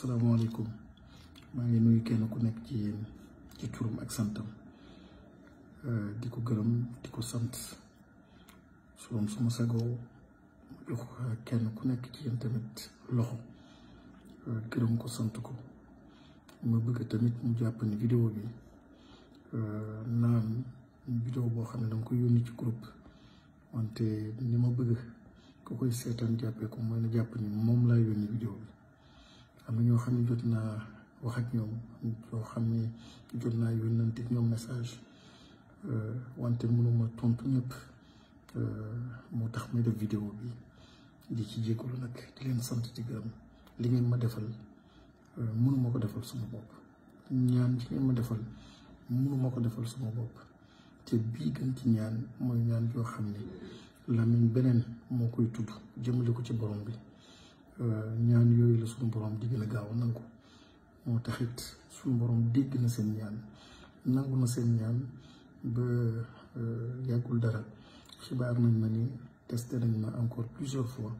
salaamaaleykum maa ngi nuyu kenn ku nekk ci yéen ci turam ak santam euh, di ko gërëm di ko sant suroom suma sagoo jox kenn ku nekk ci yéen tamit loxo euh, gërëm ko sant ko ma bëgg tamit mu jàpp ni vidéo bi euh, naan vidéo boo xam ne danga ko yónni ci groupe wante ni ma bëgg ko koy seetaan jàppee ko mooy na jàpp ni moom xam jot naa wax ak ñoom yoo xam ne jot naa yónnante ñoom message euh, wante mënuma tontu ñëpp euh, moo tax may def vidéo bi di ci jégalu nag di leen sant di li euh, ngeen ma defal mënuma ko defal suma bopp ñaan ma defal mënuma ko defal suma bopp te bii gën ci ñaan mooy ñaan yoo xam ne làmmiñ beneen moo koy tudd jëmale ko ci borom bi Euh, ñaan yooyu la suñu borom digg la gaaw nangu moo taxit suñu borom dégg na seen ñaan nangu na seen ñaan ba euh, yàggul dara xibaar nañ ma ni testé nañ ma encore plusieurs fois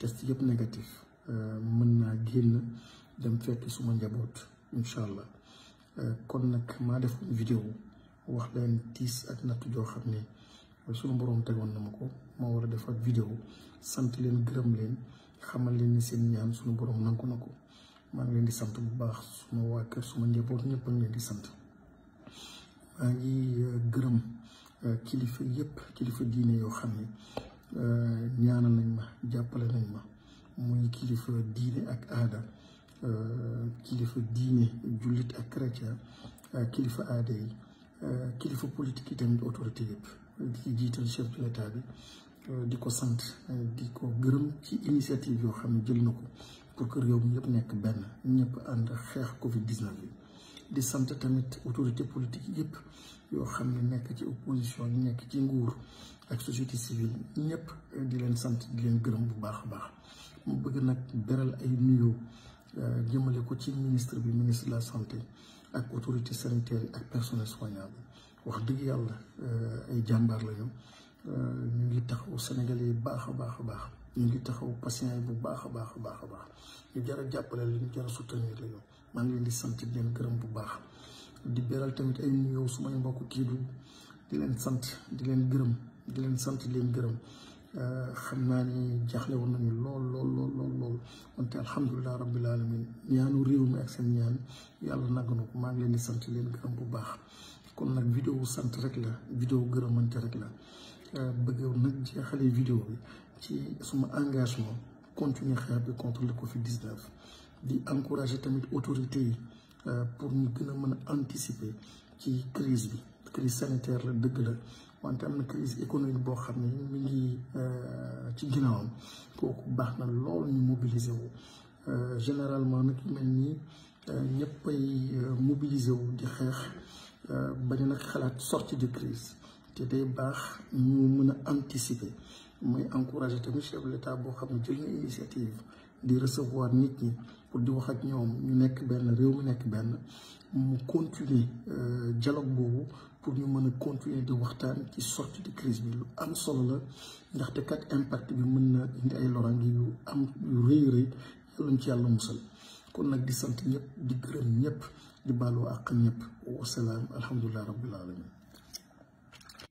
test yëpp négatif euh, mën naa génn dem fekk suma njaboot incha allah kon nag maa def video wax leen tiis ak natt joo xam ne suñu borom tegoon na ma ko moo war a def ak vidéo sant leen gërëm leen. xamal leen ni seen ñaan suñu borom nangu na ko maa ngi leen di sant bu baax suma waa kër suma njaboot ñëpp a ngi leen di sant maa ngi euh, gërëm euh, kilifa yëpp kilifa diine yoo xam ne euh, ñaanal nañ ma jàppale nañ ma muy kilifa diine ak aada kilifa diine jullit ak chrétien kilifa aada yi kilifa politique yi tamit autorité yëpp di jiital chef de l'état Euh, di ko sant euh, di ko gërëm ci initiative yoo xam ne jël na ko pour que réew mi yëpp nekk benn ñëpp ànd xeex Covid 19 bi di sant tamit autorité politique yëpp yoo xam ne nekk ci opposition yi nekk ci nguur ak société civile ñëpp euh, di leen sant di leen gërëm bu baax a baax mu bëgg nag beral ay nuyoo jëmale ko ci ministre bi ministre de la santé ak autorité sanitaire ak personnel soignant bi wax dëgg yàlla ay jàmbaar lañu. Euh, ñu ngi taxaw Sénégalais yi baax a baax a baax ñu ngi taxaw patients bu baax a baax baax a baax ñu jar a jàppale li ñu jar a soutenir la maa ngi leen di sant di leen gërëm bu baax di beral tamit ay nuyoo sumay mbokk kii di leen sant di leen gërëm di leen sant leen gërëm euh, xam naa ni jaaxle woon nañu lool lool lool lool lool wante alhamdulilah rabbil alamin ñaanu réew mi ak seen ñaan yàlla nag na ko maa ngi leen di sant leen gërëm bu baax kon nag vidéo sant rek la vidéo gërëmante rek la Euh, bëgg nag jeexale vidéo bi ci suma engagement continuer xeex bi contre le Covid 19 di encourager tamit autorités yi euh, pour ñu gën a mën anticiper ci crise bi crise sanitaire la dëgg la wante am na crise économique boo xam ne mi ngi euh, ci ginnaawam kooku baax na ñu mobiliser wu généralement nag mel nii ñëppay mobiliser wu di xeex bañ nag xalaat sortie de crise te day baax ñu mën anticiper mooy chef de l'État à xam initiative recevoir nit gens pour di wax ak ñoom ñu euh, dialogue pour ñu continuer de waxtaan sortie de crise am solo la crise. kat impact bi mën impacts indi ay yu am yu rëy rëy yàlla ci yàlla musal kon nag di sant ñëpp di gërëm ñëpp di baaloo àq ont